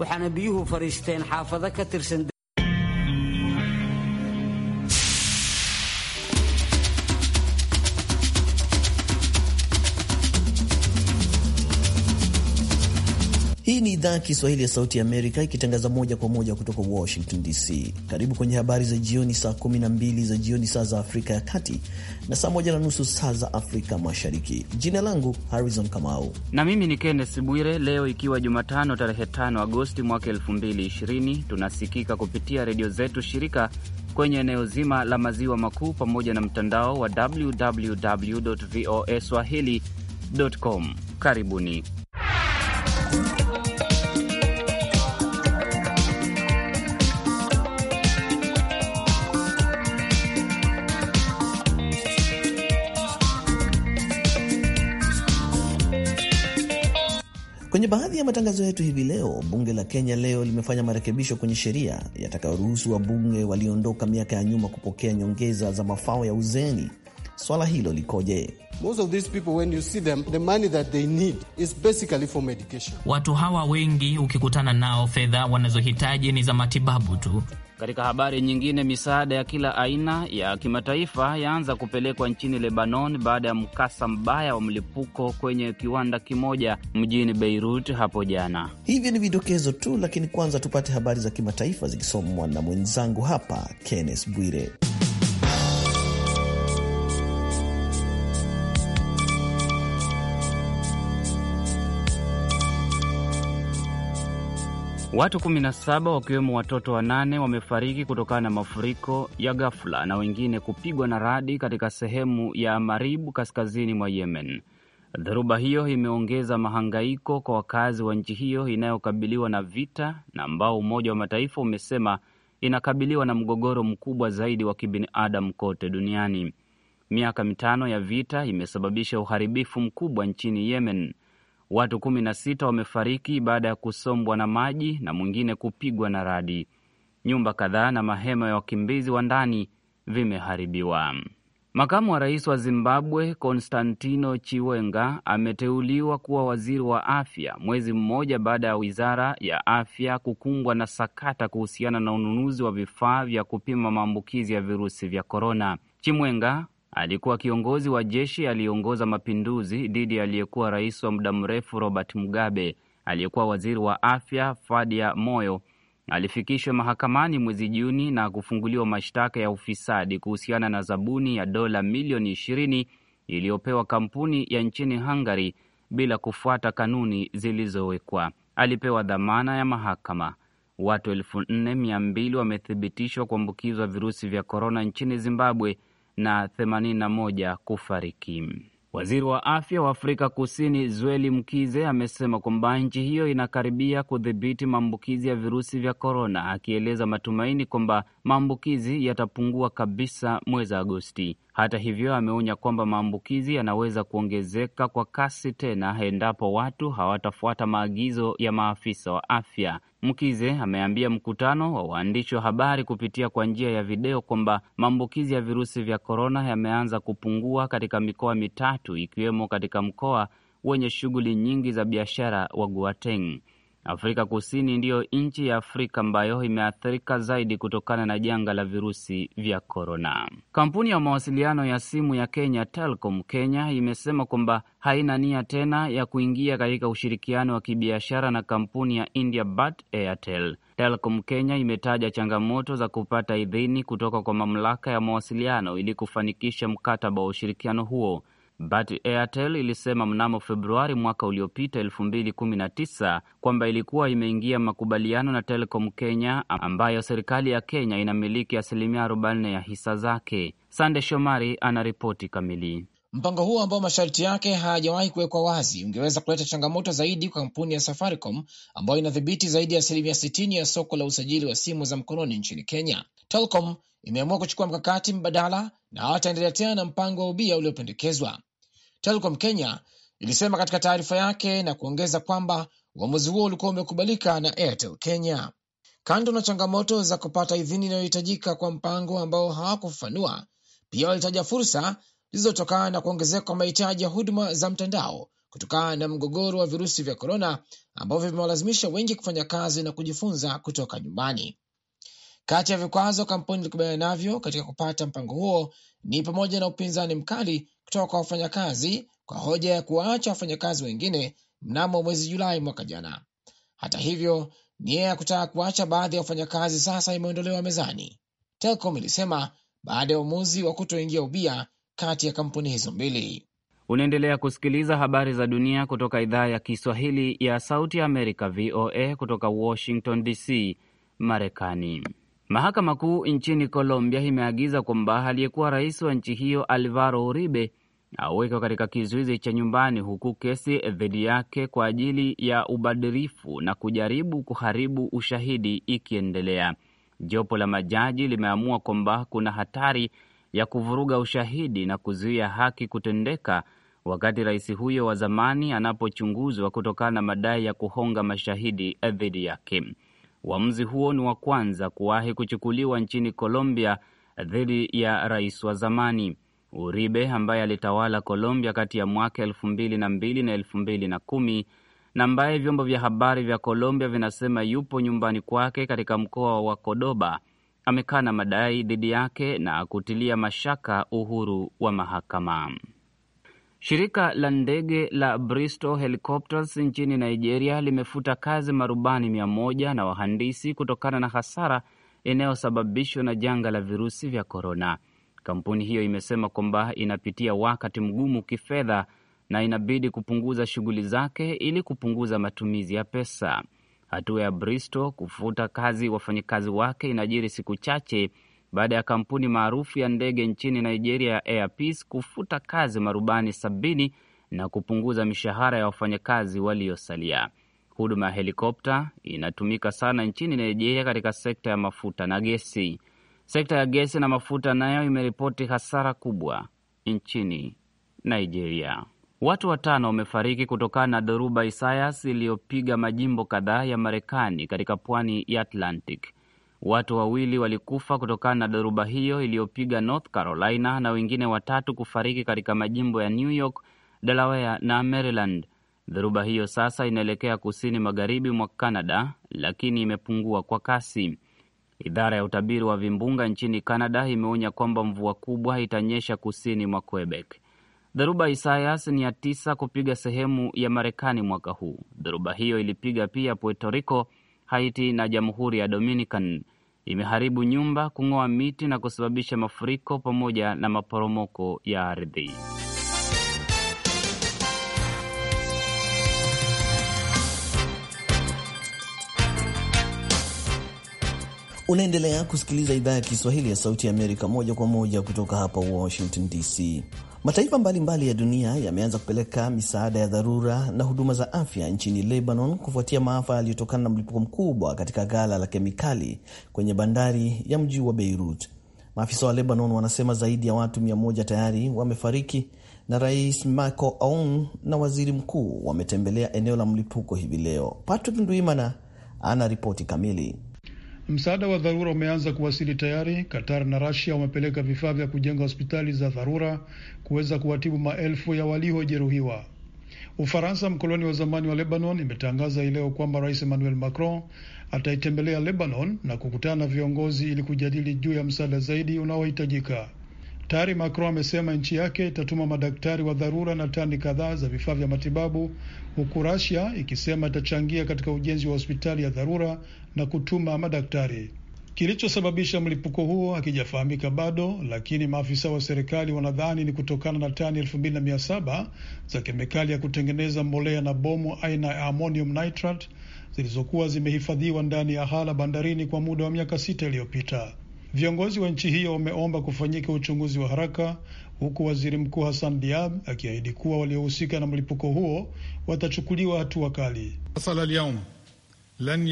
waxaana biyuhu fadhiisteen xaafado ka tirsan Hii ni idhaa ya Kiswahili ya Sauti ya Amerika ikitangaza moja kwa moja kutoka Washington DC. Karibu kwenye habari za jioni, saa 12 za jioni saa za Afrika ya Kati na saa moja na nusu saa za Afrika Mashariki. Jina langu Harrison Kamau na mimi ni Kenneth Bwire. Leo ikiwa Jumatano tarehe 5 Agosti mwaka 2020, tunasikika kupitia redio zetu shirika kwenye eneo zima la maziwa makuu pamoja na mtandao wa www voa swahili.com. Karibuni. Kwenye baadhi ya matangazo yetu hivi leo, bunge la Kenya leo limefanya marekebisho kwenye sheria yatakayoruhusu wabunge waliondoka miaka ya nyuma kupokea nyongeza za mafao ya uzeni. Swala hilo likoje? Watu hawa wengi ukikutana nao, fedha wanazohitaji ni za matibabu tu. Katika habari nyingine, misaada ya kila aina ya kimataifa yaanza kupelekwa nchini Lebanon baada ya mkasa mbaya wa mlipuko kwenye kiwanda kimoja mjini Beirut hapo jana. Hivyo ni vidokezo tu, lakini kwanza tupate habari za kimataifa zikisomwa na mwenzangu hapa Kenneth Bwire. Watu 17 wakiwemo watoto wanane wamefariki kutokana na mafuriko ya ghafla na wengine kupigwa na radi katika sehemu ya Maribu kaskazini mwa Yemen. Dhoruba hiyo imeongeza mahangaiko kwa wakazi wa nchi hiyo inayokabiliwa na vita na ambao Umoja wa Mataifa umesema inakabiliwa na mgogoro mkubwa zaidi wa kibinadamu kote duniani. Miaka mitano ya vita imesababisha uharibifu mkubwa nchini Yemen. Watu kumi na sita wamefariki baada ya kusombwa na maji na mwingine kupigwa na radi. Nyumba kadhaa na mahema ya wakimbizi wa ndani vimeharibiwa. Makamu wa rais wa Zimbabwe Konstantino Chiwenga ameteuliwa kuwa waziri wa afya mwezi mmoja baada ya wizara ya afya kukumbwa na sakata kuhusiana na ununuzi wa vifaa vya kupima maambukizi ya virusi vya korona. Chimwenga Alikuwa kiongozi wa jeshi aliyeongoza mapinduzi dhidi ya aliyekuwa rais wa muda mrefu Robert Mugabe. Aliyekuwa waziri wa afya Fadia Moyo alifikishwa mahakamani mwezi Juni na kufunguliwa mashtaka ya ufisadi kuhusiana na zabuni ya dola milioni ishirini iliyopewa kampuni ya nchini Hungary bila kufuata kanuni zilizowekwa. Alipewa dhamana ya mahakama. Watu elfu nne mia mbili wamethibitishwa kuambukizwa virusi vya korona nchini Zimbabwe na 81 kufariki. Waziri wa afya wa Afrika Kusini Zweli Mkize amesema kwamba nchi hiyo inakaribia kudhibiti maambukizi ya virusi vya korona, akieleza matumaini kwamba maambukizi yatapungua kabisa mwezi Agosti. Hata hivyo, ameonya kwamba maambukizi yanaweza kuongezeka kwa kasi tena endapo watu hawatafuata maagizo ya maafisa wa afya. Mkize ameambia mkutano wa waandishi wa habari kupitia kwa njia ya video kwamba maambukizi ya virusi vya korona yameanza kupungua katika mikoa mitatu ikiwemo katika mkoa wenye shughuli nyingi za biashara wa Guateng. Afrika Kusini ndiyo nchi ya Afrika ambayo imeathirika zaidi kutokana na janga la virusi vya korona. Kampuni ya mawasiliano ya simu ya Kenya Telcom Kenya imesema kwamba haina nia tena ya kuingia katika ushirikiano wa kibiashara na kampuni ya India Bharti Airtel. Telcom Kenya imetaja changamoto za kupata idhini kutoka kwa mamlaka ya mawasiliano ili kufanikisha mkataba wa ushirikiano huo But Airtel ilisema mnamo Februari mwaka uliopita 2019 kwamba ilikuwa imeingia makubaliano na Telecom Kenya ambayo serikali ya Kenya inamiliki asilimia 40 ya hisa zake. Sande Shomari anaripoti kamili. Mpango huo ambao masharti yake hayajawahi kuwekwa wazi ungeweza kuleta changamoto zaidi kwa kampuni ya Safaricom ambayo inadhibiti zaidi ya asilimia 60 ya soko la usajili wa simu za mkononi nchini Kenya. Telcom imeamua kuchukua mkakati mbadala na hawataendelea tena na mpango wa ubia uliopendekezwa. Telcom Kenya ilisema katika taarifa yake na kuongeza kwamba uamuzi huo ulikuwa umekubalika na Airtel Kenya. Kando na changamoto za kupata idhini inayohitajika kwa mpango ambao hawakufafanua, pia walitaja fursa zilizotokana na kuongezeka kwa mahitaji ya huduma za mtandao kutokana na mgogoro wa virusi vya korona ambavyo vimewalazimisha wengi kufanya kazi na kujifunza kutoka nyumbani. Kati ya vikwazo kampuni ilikubaliana navyo katika kupata mpango huo ni pamoja na upinzani mkali kutoka kwa wafanyakazi kwa hoja ya kuwaacha wafanyakazi wengine mnamo mwezi Julai mwaka jana. Hata hivyo, nia ya kutaka kuacha baadhi ya wafanyakazi sasa imeondolewa mezani, Telcom ilisema baada ya uamuzi wa kutoingia ubia kati ya kampuni hizo mbili. Unaendelea kusikiliza habari za dunia kutoka idhaa ya Kiswahili ya Sauti ya Amerika, VOA, kutoka Washington DC, Marekani. Mahakama Kuu nchini Colombia imeagiza kwamba aliyekuwa rais wa nchi hiyo Alvaro Uribe awekwa katika kizuizi cha nyumbani huku kesi dhidi yake kwa ajili ya ubadhirifu na kujaribu kuharibu ushahidi ikiendelea. Jopo la majaji limeamua kwamba kuna hatari ya kuvuruga ushahidi na kuzuia haki kutendeka wakati rais huyo wa zamani anapochunguzwa kutokana na madai ya kuhonga mashahidi dhidi yake. Uamuzi huo ni wa kwanza kuwahi kuchukuliwa nchini Colombia dhidi ya rais wa zamani. Uribe ambaye alitawala Colombia kati ya mwaka elfu mbili na mbili na elfu mbili na kumi na ambaye vyombo vya habari vya Colombia vinasema yupo nyumbani kwake katika mkoa wa kodoba amekana madai dhidi yake na kutilia mashaka uhuru wa mahakama. Shirika la ndege la Bristol Helicopters nchini Nigeria limefuta kazi marubani mia moja na wahandisi kutokana na hasara inayosababishwa na janga la virusi vya korona. Kampuni hiyo imesema kwamba inapitia wakati mgumu kifedha na inabidi kupunguza shughuli zake ili kupunguza matumizi ya pesa. Hatua ya Bristol kufuta kazi wafanyakazi wake inajiri siku chache baada ya kampuni maarufu ya ndege nchini Nigeria ya Airpeace kufuta kazi marubani sabini na kupunguza mishahara ya wafanyakazi waliosalia. Huduma ya helikopta inatumika sana nchini Nigeria katika sekta ya mafuta na gesi. Sekta ya gesi na mafuta nayo imeripoti hasara kubwa nchini Nigeria. Watu watano wamefariki kutokana na dhoruba Isaias iliyopiga majimbo kadhaa ya Marekani katika pwani ya Atlantic. Watu wawili walikufa kutokana na dhoruba hiyo iliyopiga North Carolina na wengine watatu kufariki katika majimbo ya New York, Delaware na Maryland. Dhoruba hiyo sasa inaelekea kusini magharibi mwa Canada, lakini imepungua kwa kasi. Idara ya utabiri wa vimbunga nchini Canada imeonya kwamba mvua kubwa itanyesha kusini mwa Quebec. Dhoruba Isaias ni ya tisa kupiga sehemu ya Marekani mwaka huu. Dhoruba hiyo ilipiga pia Puerto Rico, Haiti na Jamhuri ya Dominican. Imeharibu nyumba, kung'oa miti na kusababisha mafuriko pamoja na maporomoko ya ardhi. Unaendelea kusikiliza idhaa ya Kiswahili ya Sauti ya Amerika moja kwa moja kutoka hapa Washington DC. Mataifa mbalimbali mbali ya dunia yameanza kupeleka misaada ya dharura na huduma za afya nchini Lebanon kufuatia maafa yaliyotokana na mlipuko mkubwa katika ghala la kemikali kwenye bandari ya mji wa Beirut. Maafisa wa Lebanon wanasema zaidi ya watu mia moja tayari wamefariki na Rais Michael Aoun na waziri mkuu wametembelea eneo la mlipuko hivi leo. Patrick Ndwimana ana ripoti kamili. Msaada wa dharura umeanza kuwasili tayari. Qatar na Rasia wamepeleka vifaa vya kujenga hospitali za dharura kuweza kuwatibu maelfu ya waliojeruhiwa. Ufaransa, mkoloni wa zamani wa Lebanon, imetangaza hii leo kwamba Rais Emmanuel Macron ataitembelea Lebanon na kukutana na viongozi ili kujadili juu ya msaada zaidi unaohitajika. Tayari Macron amesema nchi yake itatuma madaktari wa dharura na tani kadhaa za vifaa vya matibabu, huku Rasia ikisema itachangia katika ujenzi wa hospitali ya dharura na kutuma madaktari. Kilichosababisha mlipuko huo hakijafahamika bado, lakini maafisa wa serikali wanadhani ni kutokana na tani elfu za kemikali ya kutengeneza mbolea na bomu aina ya ammonium nitrate zilizokuwa zimehifadhiwa ndani ya hala bandarini kwa muda wa miaka sita iliyopita. Viongozi wa nchi hiyo wameomba kufanyika uchunguzi wa haraka, huku waziri mkuu Hassan Diab akiahidi kuwa waliohusika na mlipuko huo watachukuliwa hatua kali. Lan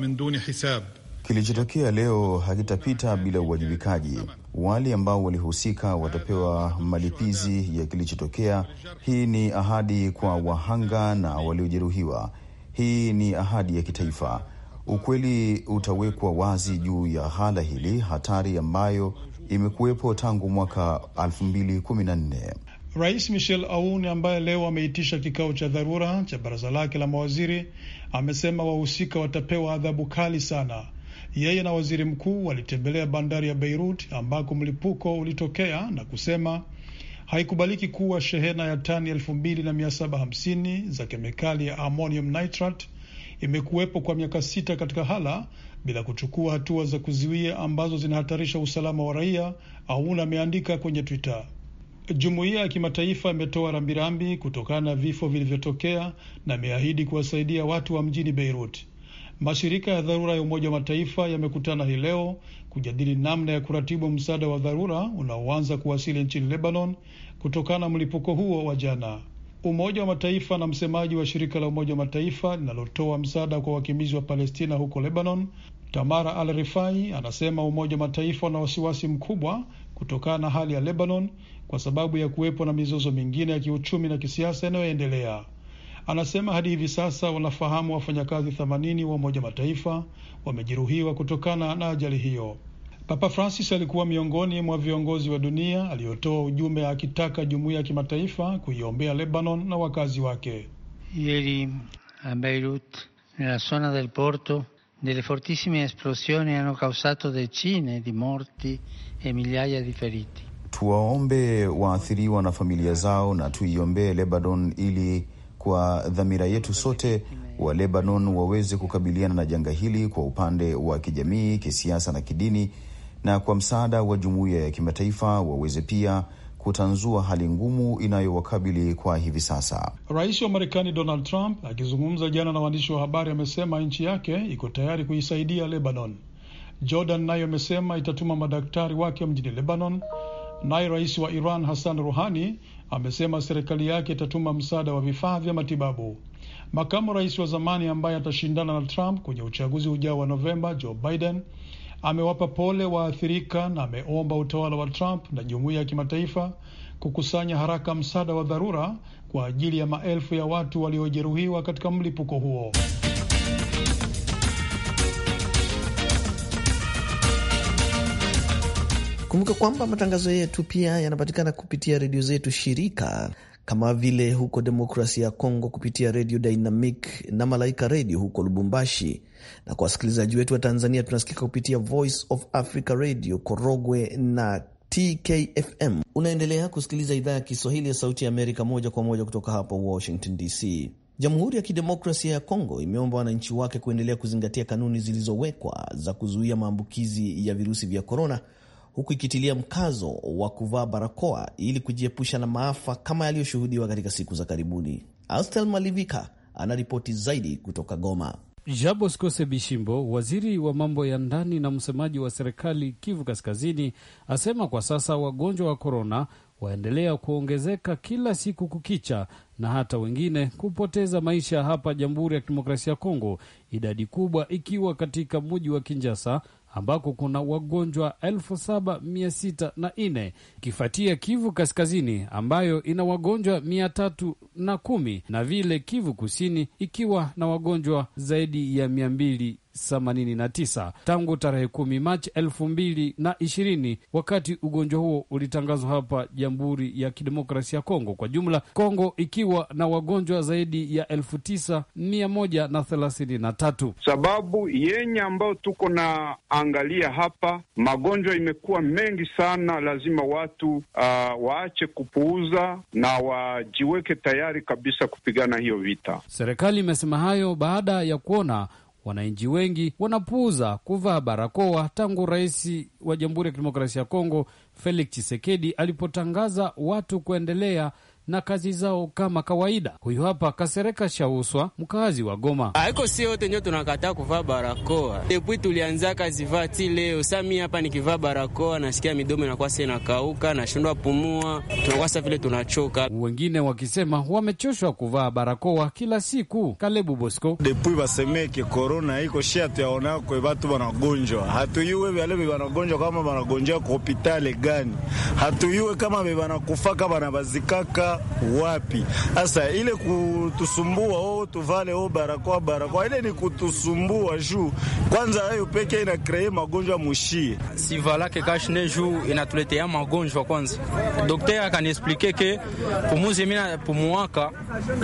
min duni hisab, kilichotokea leo hakitapita bila uwajibikaji. Wale ambao walihusika watapewa malipizi ya kilichotokea. Hii ni ahadi kwa wahanga na waliojeruhiwa. Hii ni ahadi ya kitaifa ukweli utawekwa wazi juu ya hala hili hatari ambayo imekuwepo tangu mwaka 2014. Rais Michel Aoun ambaye leo ameitisha kikao cha dharura cha baraza lake la mawaziri amesema wahusika watapewa adhabu kali sana. Yeye na waziri mkuu walitembelea bandari ya Beirut ambako mlipuko ulitokea na kusema haikubaliki kuwa shehena ya tani elfu mbili na mia saba hamsini za kemikali ya ammonium nitrate imekuwepo kwa miaka sita katika hala bila kuchukua hatua za kuzuia ambazo zinahatarisha usalama wa raia, Aoun ameandika kwenye Twitter. Jumuiya ya kimataifa imetoa rambirambi kutokana na vifo vilivyotokea na imeahidi kuwasaidia watu wa mjini Beirut. Mashirika ya dharura ya Umoja wa Mataifa yamekutana hii leo kujadili namna ya kuratibu msaada wa dharura unaoanza kuwasili nchini Lebanon kutokana na mlipuko huo wa jana. Umoja wa Mataifa na msemaji wa shirika la Umoja wa Mataifa linalotoa msaada kwa wakimbizi wa Palestina huko Lebanon, Tamara Al Rifai, anasema Umoja wa Mataifa una wasiwasi mkubwa kutokana na hali ya Lebanon kwa sababu ya kuwepo na mizozo mingine ya kiuchumi na kisiasa inayoendelea. Anasema hadi hivi sasa wanafahamu wafanyakazi 80 wa Umoja wa Mataifa wamejeruhiwa kutokana na ajali hiyo. Papa Francis alikuwa miongoni mwa viongozi wa dunia aliyotoa ujumbe akitaka jumuiya ya kimataifa kuiombea Lebanon na wakazi wake. Ieri a Beirut nella zona del porto delle fortissime esplosioni hanno causato decine di morti e migliaia di feriti. Tuwaombe waathiriwa na familia zao na tuiombee Lebanon ili kwa dhamira yetu sote wa Lebanon waweze kukabiliana na janga hili kwa upande wa kijamii, kisiasa na kidini na kwa msaada wa jumuiya ya kimataifa waweze pia kutanzua hali ngumu inayowakabili kwa hivi sasa. Rais wa Marekani Donald Trump akizungumza jana na waandishi wa habari amesema nchi yake iko tayari kuisaidia Lebanon. Jordan nayo amesema itatuma madaktari wake mjini Lebanon. Naye rais wa Iran Hassan Ruhani amesema serikali yake itatuma msaada wa vifaa vya matibabu. Makamu rais wa zamani ambaye atashindana na Trump kwenye uchaguzi ujao wa Novemba, Joe Biden amewapa pole waathirika na ameomba utawala wa Trump na jumuiya ya kimataifa kukusanya haraka msaada wa dharura kwa ajili ya maelfu ya watu waliojeruhiwa katika mlipuko huo. Kumbuka kwamba matangazo yetu pia yanapatikana kupitia redio zetu shirika kama vile huko Demokrasia ya Kongo kupitia Redio Dynamic na Malaika Redio huko Lubumbashi, na kwa wasikilizaji wetu wa Tanzania tunasikika kupitia Voice of Africa Radio Korogwe na TKFM. Unaendelea kusikiliza idhaa ya Kiswahili ya Sauti ya Amerika moja kwa moja kutoka hapa Washington DC. Jamhuri ya Kidemokrasia ya Kongo imeomba wananchi wake kuendelea kuzingatia kanuni zilizowekwa za kuzuia maambukizi ya virusi vya korona huku ikitilia mkazo wa kuvaa barakoa ili kujiepusha na maafa kama yaliyoshuhudiwa katika siku za karibuni. Astel Malivika anaripoti zaidi kutoka Goma. jaboskose Bishimbo, waziri wa mambo ya ndani na msemaji wa serikali Kivu Kaskazini, asema kwa sasa wagonjwa wa korona waendelea kuongezeka kila siku kukicha na hata wengine kupoteza maisha hapa Jamhuri ya Kidemokrasia ya Kongo, idadi kubwa ikiwa katika mji wa kinjasa ambako kuna wagonjwa elfu saba mia sita na nne Kivu Kaskazini ambayo ina wagonjwa mia tatu na kumi na vile Kivu Kusini ikiwa na wagonjwa zaidi ya mia mbili 89 tangu tarehe kumi Machi 2020 na ishirini wakati ugonjwa huo ulitangazwa hapa Jamhuri ya Kidemokrasia ya Kongo. Kwa jumla Kongo ikiwa na wagonjwa zaidi ya 9133. na tatu. Sababu yenye ambayo tuko na angalia hapa, magonjwa imekuwa mengi sana, lazima watu uh, waache kupuuza na wajiweke tayari kabisa kupigana hiyo vita. Serikali imesema hayo baada ya kuona Wananchi wengi wanapuuza kuvaa barakoa tangu rais wa Jamhuri ya Kidemokrasia ya Kongo Felix Tshisekedi alipotangaza watu kuendelea na kazi zao kama kawaida. Huyu hapa Kasereka Shauswa, mkazi wa Goma. Haiko si yote ndio tunakataa kuvaa barakoa depui tulianza kazi vati leo sami hapa, nikivaa barakoa nasikia midomo inakuwa sa inakauka, nashindwa pumua, tunakwasa vile tunachoka. Wengine wakisema wamechoshwa kuvaa barakoa kila siku. Kalebu Bosco depui basemeke korona iko shia, tuyaonakwe batu wanagonjwa, hatuyuwe vyale vye banagonjwa kama banagonjwa kwa hopitali gani, hatuyuwe kama vye banakufaka banabazikaka wapi? Sasa ile kutusumbua o, oh, tuvale o oh, barakoa barakoa, ile ni kutusumbua juu kwanza hayo peke ina kree magonjwa mushie sivalake kashne juu inatuletea magonjwa kwanza. Daktari akaniexplike ke pumuzi mina pumuaka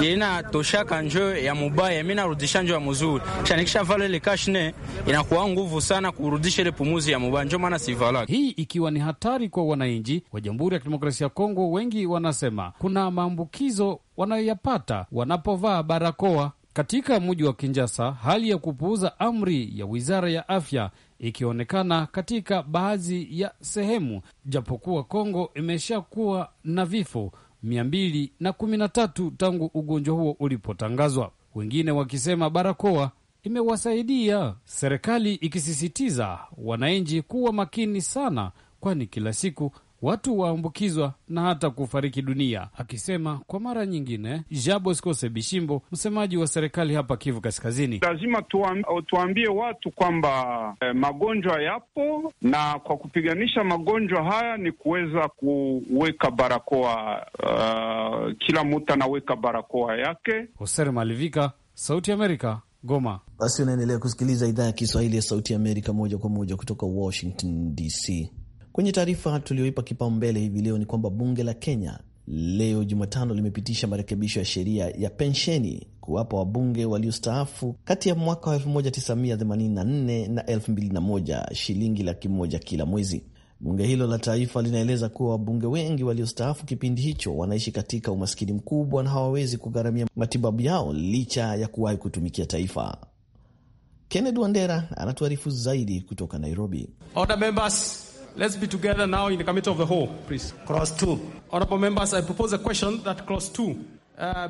ina toshaka njo ya mubaya, mina rudisha njo ya muzuri, shanikisha vale ile kashne inakuwa nguvu sana kurudisha ile pumuzi ya mubaya, njo maana sivalake hii ikiwa ni hatari kwa wananchi wa Jamhuri ya Kidemokrasia ya Kongo. Wengi wanasema kuna maambukizo wanayoyapata wanapovaa barakoa. Katika mji wa kinjasa hali ya kupuuza amri ya wizara ya afya ikionekana katika baadhi ya sehemu, japokuwa Kongo imeshakuwa na vifo 213 tangu ugonjwa huo ulipotangazwa, wengine wakisema barakoa imewasaidia, serikali ikisisitiza wananchi kuwa makini sana, kwani kila siku watu waambukizwa na hata kufariki dunia, akisema kwa mara nyingine. Jabo Bishimbo, msemaji wa serikali hapa Kivu Kaskazini: lazima tuambie watu kwamba eh, magonjwa yapo, na kwa kupiganisha magonjwa haya ni kuweza kuweka barakoa. Uh, kila mtu anaweka barakoa yake. Hoser Malivika, Sauti Amerika, Goma. Basi unaendelea kusikiliza idhaa ya Kiswahili ya Sauti Amerika moja kwa moja kutoka Washington DC. Kwenye taarifa tuliyoipa kipaumbele hivi leo ni kwamba bunge la Kenya leo Jumatano limepitisha marekebisho ya sheria ya pensheni kuwapa wabunge waliostaafu kati ya mwaka wa 1984 na 2001 shilingi laki moja kila mwezi. Bunge hilo la taifa linaeleza kuwa wabunge wengi waliostaafu kipindi hicho wanaishi katika umaskini mkubwa na hawawezi kugharamia matibabu yao licha ya kuwahi kutumikia taifa. Kenneth Wandera anatuarifu zaidi kutoka Nairobi. Order members. Let's be together now in the committee of the whole, please. Clause 2. Honorable members, I propose a question that clause 2 Uh,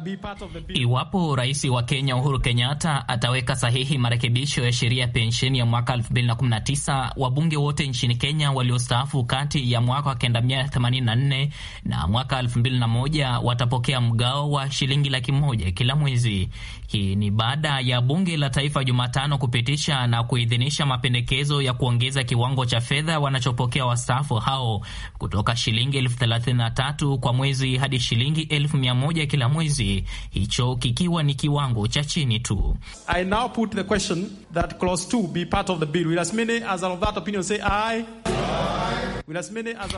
iwapo rais wa Kenya Uhuru Kenyatta ataweka sahihi marekebisho ya sheria ya pensheni ya mwaka 2019, wabunge wote nchini Kenya waliostaafu kati ya mwaka 1984 na mwaka 2001 watapokea mgao wa shilingi laki moja kila mwezi. Hii ni baada ya bunge la taifa Jumatano kupitisha na kuidhinisha mapendekezo ya kuongeza kiwango cha fedha wanachopokea wastaafu hao kutoka shilingi elfu 33 kwa mwezi hadi shilingi elfu 100 kila mwezi, hicho kikiwa ni kiwango cha chini tu. I now put the question that clause 2 be part of the bill. Will as many as are of that opinion say aye. Aye.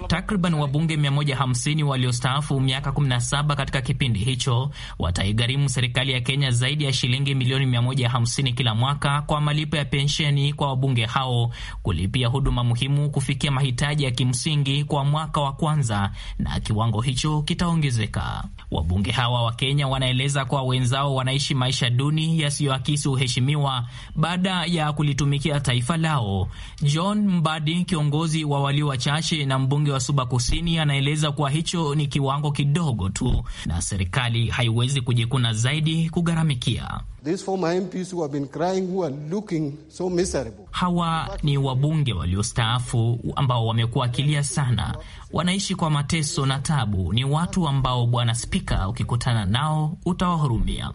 Takriban wabunge 150 waliostaafu miaka 17 katika kipindi hicho wataigharimu serikali ya Kenya zaidi ya shilingi milioni 150 kila mwaka kwa malipo ya pensheni kwa wabunge hao, kulipia huduma muhimu, kufikia mahitaji ya kimsingi kwa mwaka wa kwanza, na kiwango hicho kitaongezeka. Wabunge hawa wa Kenya wanaeleza kuwa wenzao wanaishi maisha duni yasiyoakisi uheshimiwa baada ya kulitumikia taifa lao. John Mbadi, kiongozi wa walio wachache Menashe na mbunge wa Suba Kusini anaeleza kuwa hicho ni kiwango kidogo tu na serikali haiwezi kujikuna zaidi kugharamikia. These former MPs who have been crying, who are looking so miserable. Hawa ni wabunge waliostaafu ambao wamekuwa akilia sana, wanaishi kwa mateso na tabu. Ni watu ambao Bwana Spika, ukikutana nao utawahurumia.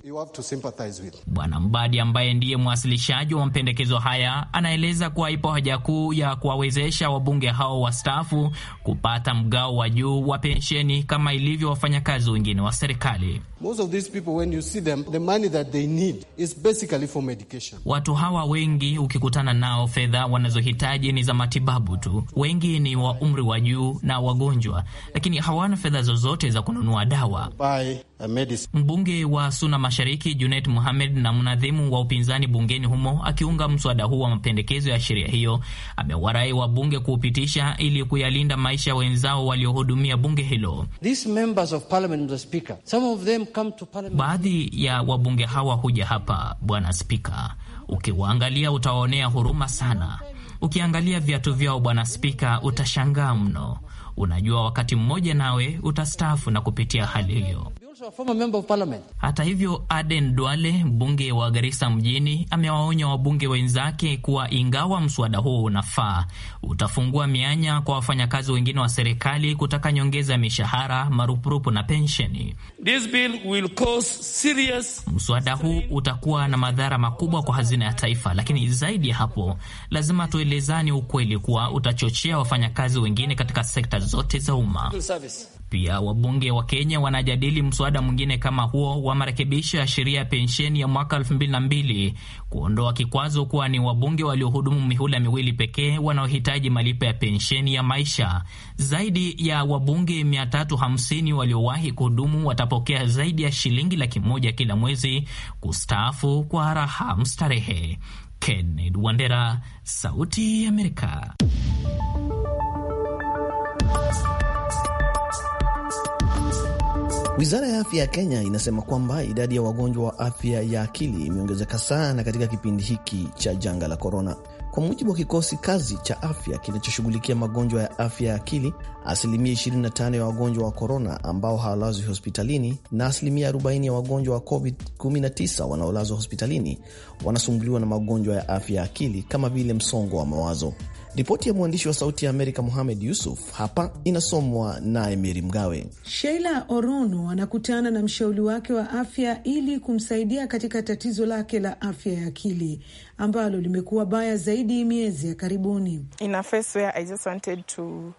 Bwana Mbadi ambaye ndiye mwasilishaji wa mapendekezo haya anaeleza kuwa ipo haja kuu ya kuwawezesha wabunge hao wastaafu kupata mgao wa juu wa pensheni kama ilivyo wafanyakazi wengine wa serikali. Most of these people when you see them the money that they need is basically for medication. Watu hawa wengi ukikutana nao, fedha wanazohitaji ni za matibabu tu. Wengi ni wa umri wa juu na wagonjwa, lakini hawana fedha zozote za kununua dawa. Bye. Mbunge wa Suna Mashariki Junet muhamed na mnadhimu wa upinzani bungeni humo akiunga mswada huu wa mapendekezo ya sheria hiyo amewarai bunge kuupitisha ili kuyalinda maisha wenzao waliohudumia bunge hilo. Baadhi ya wabunge hawa huja hapa, Bwana Spika, ukiwaangalia utawaonea huruma sana. Ukiangalia viatu vyao, Bwana Spika, utashangaa mno. Unajua, wakati mmoja nawe utastaafu na kupitia hali hiyo. Hata hivyo, Aden Duale, mbunge wa Garisa mjini, amewaonya wabunge wenzake kuwa ingawa mswada huo unafaa, utafungua mianya kwa wafanyakazi wengine wa serikali kutaka nyongeza ya mishahara, marupurupu na pensheni. serious... mswada huu utakuwa na madhara makubwa kwa hazina ya taifa, lakini zaidi ya hapo, lazima tuelezani ukweli kuwa utachochea wafanyakazi wengine katika sekta zote za umma. Pia wabunge wa Kenya wanajadili mswada mwingine kama huo wa marekebisho ya sheria ya pensheni ya mwaka 2002 kuondoa kikwazo kuwa ni wabunge waliohudumu mihula miwili pekee wanaohitaji malipo ya pensheni ya maisha. Zaidi ya wabunge 350 waliowahi kuhudumu watapokea zaidi ya shilingi laki moja kila mwezi kustaafu kwa raha mstarehe. Kenneth Wandera, Sauti ya Amerika. Wizara ya afya ya Kenya inasema kwamba idadi ya wagonjwa wa afya ya akili imeongezeka sana katika kipindi hiki cha janga la korona. Kwa mujibu wa kikosi kazi cha afya kinachoshughulikia magonjwa ya afya ya akili, asilimia 25 ya wagonjwa wa korona ambao hawalazwi hospitalini na asilimia 40 ya wagonjwa wa COVID-19 wanaolazwa hospitalini wanasumbuliwa na magonjwa ya afya ya akili kama vile msongo wa mawazo. Ripoti ya mwandishi wa Sauti ya Amerika Muhamed Yusuf hapa inasomwa na emiri Mgawe. Sheila Orono anakutana na mshauri wake wa afya ili kumsaidia katika tatizo lake la afya ya akili ambalo limekuwa baya zaidi miezi ya karibuni. In a first way, I just wanted to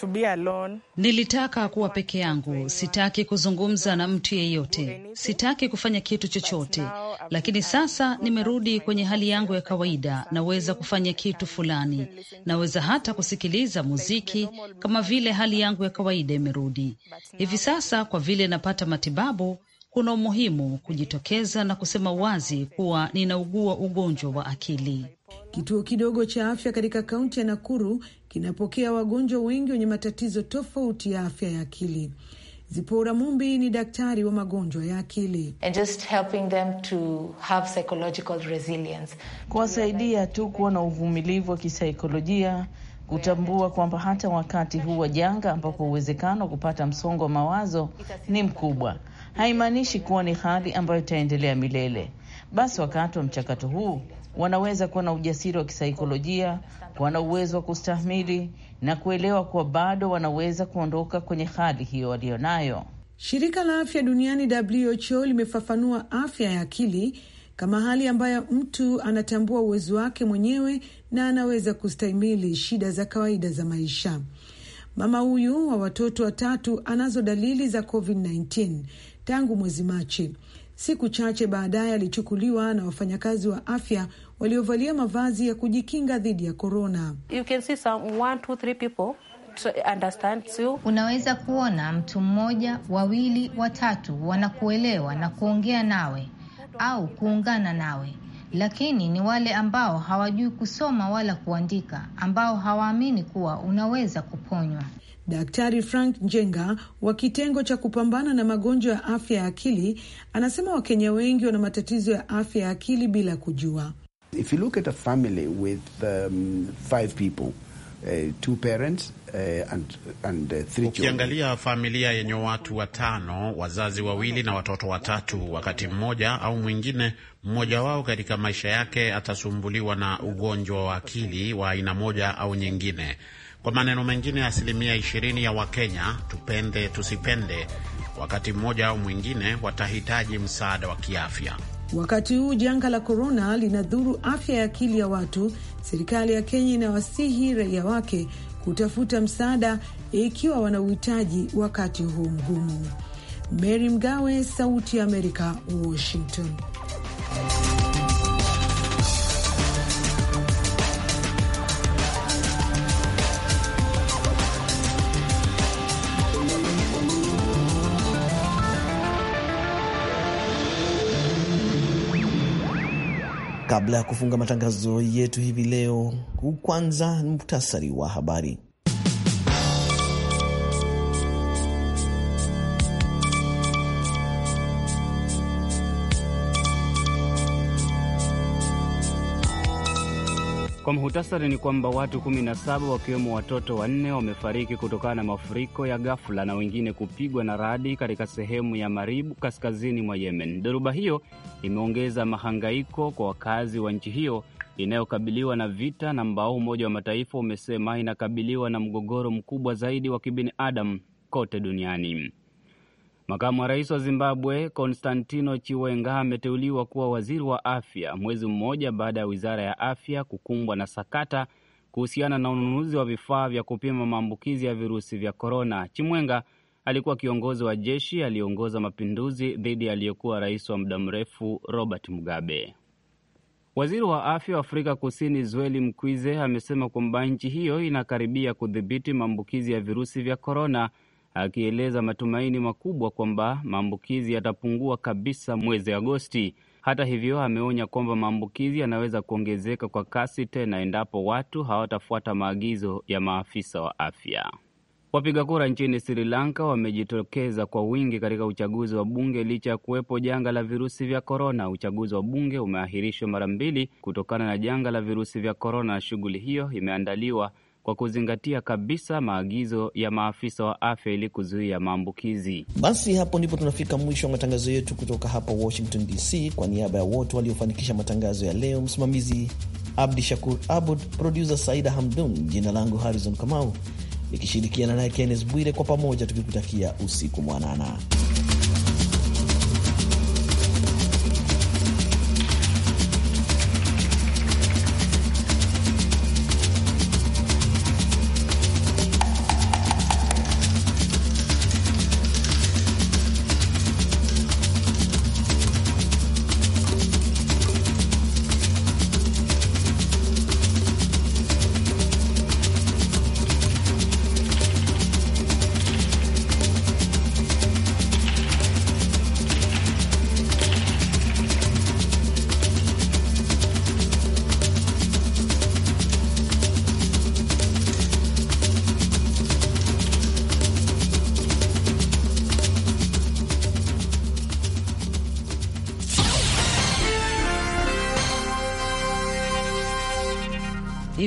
to be alone. Nilitaka kuwa peke yangu, sitaki kuzungumza na mtu yeyote, sitaki kufanya kitu chochote, lakini sasa nimerudi kwenye hali yangu ya kawaida. Naweza kufanya kitu fulani, naweza hata kusikiliza muziki kama vile hali yangu ya kawaida imerudi hivi sasa. Kwa vile napata matibabu, kuna umuhimu kujitokeza na kusema wazi kuwa ninaugua ugonjwa wa akili. Kituo kidogo cha afya katika kaunti ya Nakuru kinapokea wagonjwa wengi wenye matatizo tofauti ya afya ya akili. Zipora Mumbi ni daktari wa magonjwa ya akili. Kuwasaidia tu kuwa na uvumilivu wa kisaikolojia, kutambua kwamba hata wakati huu wa janga ambapo uwezekano wa kupata msongo wa mawazo ni mkubwa, haimaanishi kuwa ni hali ambayo itaendelea milele. Basi wakati wa mchakato huu wanaweza kuwa na ujasiri wa kisaikolojia, wana uwezo wa kustahimili na kuelewa kuwa bado wanaweza kuondoka kwenye hali hiyo nayo. Shirika la Afya Duniani WHO limefafanua afya ya akili kama hali ambayo mtu anatambua uwezo wake mwenyewe na anaweza kustahimili shida za kawaida za maisha. Mama huyu wa watoto watatu anazo dalili za COVID-19 tangu mwezi Machi Siku chache baadaye alichukuliwa na wafanyakazi wa afya waliovalia mavazi ya kujikinga dhidi ya korona. Unaweza kuona mtu mmoja, wawili, watatu wanakuelewa na kuongea nawe au kuungana nawe lakini ni wale ambao hawajui kusoma wala kuandika, ambao hawaamini kuwa unaweza kuponywa. Daktari Frank Njenga wa kitengo cha kupambana na magonjwa ya afya ya akili anasema Wakenya wengi wana matatizo ya afya ya akili bila kujua. If you look at a family with, um, five people, Eh, two parents, uh, and, and, uh, ukiangalia familia yenye watu watano, wazazi wawili na watoto watatu, wakati mmoja au mwingine mmoja wao katika maisha yake atasumbuliwa na ugonjwa wa akili wa aina moja au nyingine. Kwa maneno mengine, asilimia ishirini ya Wakenya, tupende tusipende, wakati mmoja au mwingine watahitaji msaada wa kiafya. Wakati huu janga la korona linadhuru afya ya akili ya watu, serikali ya Kenya inawasihi raia wake kutafuta msaada ikiwa wana uhitaji wakati huu mgumu. Mary Mgawe, Sauti ya Amerika, Washington. Kabla ya kufunga matangazo yetu hivi leo, huu kwanza ni muhtasari wa habari. Kwa muhtasari ni kwamba watu 17 wakiwemo watoto wanne wamefariki kutokana na mafuriko ya ghafla na wengine kupigwa na radi katika sehemu ya Maribu kaskazini mwa Yemen. Dhoruba hiyo imeongeza mahangaiko kwa wakazi wa nchi hiyo inayokabiliwa na vita na ambao Umoja wa Mataifa umesema inakabiliwa na mgogoro mkubwa zaidi wa kibinadamu kote duniani. Makamu wa rais wa Zimbabwe Constantino Chiwenga ameteuliwa kuwa waziri wa afya mwezi mmoja baada ya wizara ya afya kukumbwa na sakata kuhusiana na ununuzi wa vifaa vya kupima maambukizi ya virusi vya korona. Chimwenga alikuwa kiongozi wa jeshi aliyeongoza mapinduzi dhidi ya aliyekuwa rais wa muda mrefu Robert Mugabe. Waziri wa afya wa Afrika Kusini Zweli Mkwize amesema kwamba nchi hiyo inakaribia kudhibiti maambukizi ya virusi vya korona akieleza matumaini makubwa kwamba maambukizi yatapungua kabisa mwezi Agosti. Hata hivyo, ameonya kwamba maambukizi yanaweza kuongezeka kwa kasi tena endapo watu hawatafuata maagizo ya maafisa wa afya. Wapiga kura nchini Sri Lanka wamejitokeza kwa wingi katika uchaguzi wa bunge licha ya kuwepo janga la virusi vya korona. Uchaguzi wa bunge umeahirishwa mara mbili kutokana na janga la virusi vya korona, na shughuli hiyo imeandaliwa kwa kuzingatia kabisa maagizo ya maafisa wa afya ili kuzuia maambukizi. Basi hapo ndipo tunafika mwisho wa matangazo yetu kutoka hapa Washington DC. Kwa niaba ya wote waliofanikisha matangazo ya leo, msimamizi Abdi Shakur Abud, produsa Saida Hamdun, jina langu Harrison Kamau nikishirikiana naye Kennes Bwire, kwa pamoja tukikutakia usiku mwanana.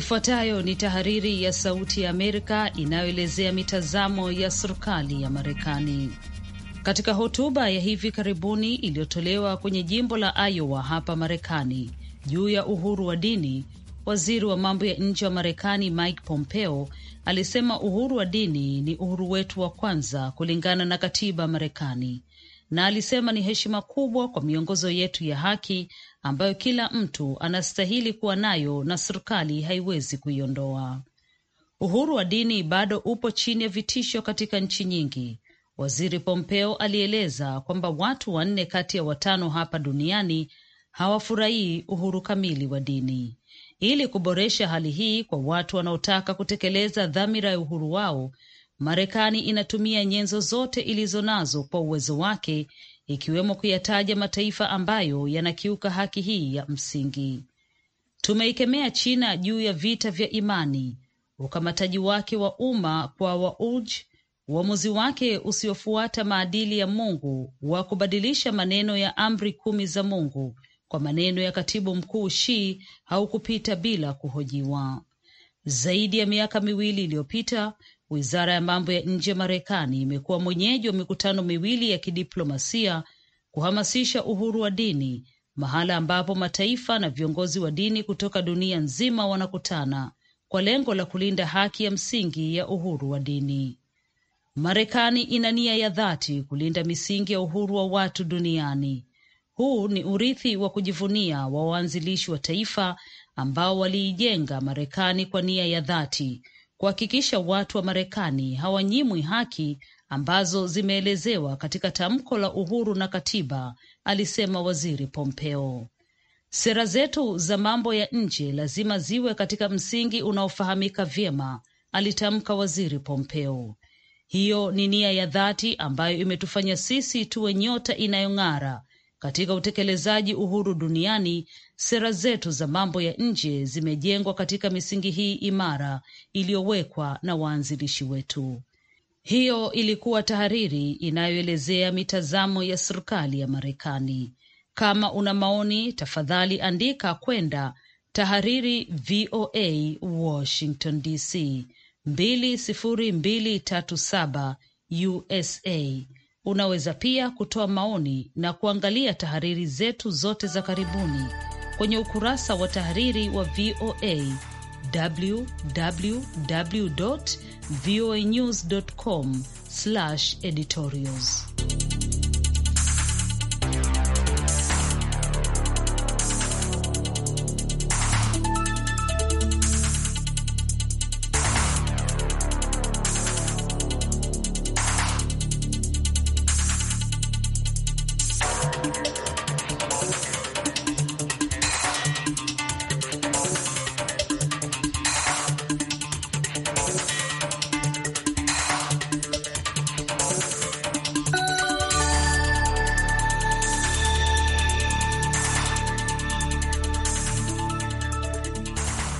Ifuatayo ni tahariri ya Sauti ya Amerika inayoelezea mitazamo ya serikali ya Marekani. Katika hotuba ya hivi karibuni iliyotolewa kwenye jimbo la Iowa hapa Marekani juu ya uhuru wa dini, waziri wa mambo ya nje wa Marekani Mike Pompeo alisema uhuru wa dini ni uhuru wetu wa kwanza kulingana na katiba Marekani, na alisema ni heshima kubwa kwa miongozo yetu ya haki ambayo kila mtu anastahili kuwa nayo na serikali haiwezi kuiondoa. Uhuru wa dini bado upo chini ya vitisho katika nchi nyingi. Waziri Pompeo alieleza kwamba watu wanne kati ya watano hapa duniani hawafurahii uhuru kamili wa dini. Ili kuboresha hali hii kwa watu wanaotaka kutekeleza dhamira ya uhuru wao, Marekani inatumia nyenzo zote ilizo nazo kwa uwezo wake ikiwemo kuyataja mataifa ambayo yanakiuka haki hii ya msingi. Tumeikemea China juu ya vita vya imani, ukamataji wake wa umma kwa wauj, uamuzi wake usiofuata maadili ya Mungu wa kubadilisha maneno ya amri kumi za Mungu kwa maneno ya katibu mkuu Shi haukupita bila kuhojiwa. Zaidi ya miaka miwili iliyopita Wizara ya mambo ya nje ya Marekani imekuwa mwenyeji wa mikutano miwili ya kidiplomasia kuhamasisha uhuru wa dini, mahala ambapo mataifa na viongozi wa dini kutoka dunia nzima wanakutana kwa lengo la kulinda haki ya msingi ya uhuru wa dini. Marekani ina nia ya dhati kulinda misingi ya uhuru wa watu duniani. Huu ni urithi wa kujivunia wa waanzilishi wa taifa ambao waliijenga Marekani kwa nia ya dhati kuhakikisha watu wa Marekani hawanyimwi haki ambazo zimeelezewa katika tamko la uhuru na katiba, alisema Waziri Pompeo. Sera zetu za mambo ya nje lazima ziwe katika msingi unaofahamika vyema, alitamka Waziri Pompeo. Hiyo ni nia ya dhati ambayo imetufanya sisi tuwe nyota inayong'ara katika utekelezaji uhuru duniani, sera zetu za mambo ya nje zimejengwa katika misingi hii imara iliyowekwa na waanzilishi wetu. Hiyo ilikuwa tahariri inayoelezea mitazamo ya serikali ya Marekani. Kama una maoni, tafadhali andika kwenda tahariri VOA Washington DC 20237 USA Unaweza pia kutoa maoni na kuangalia tahariri zetu zote za karibuni kwenye ukurasa wa tahariri wa VOA www slash editorials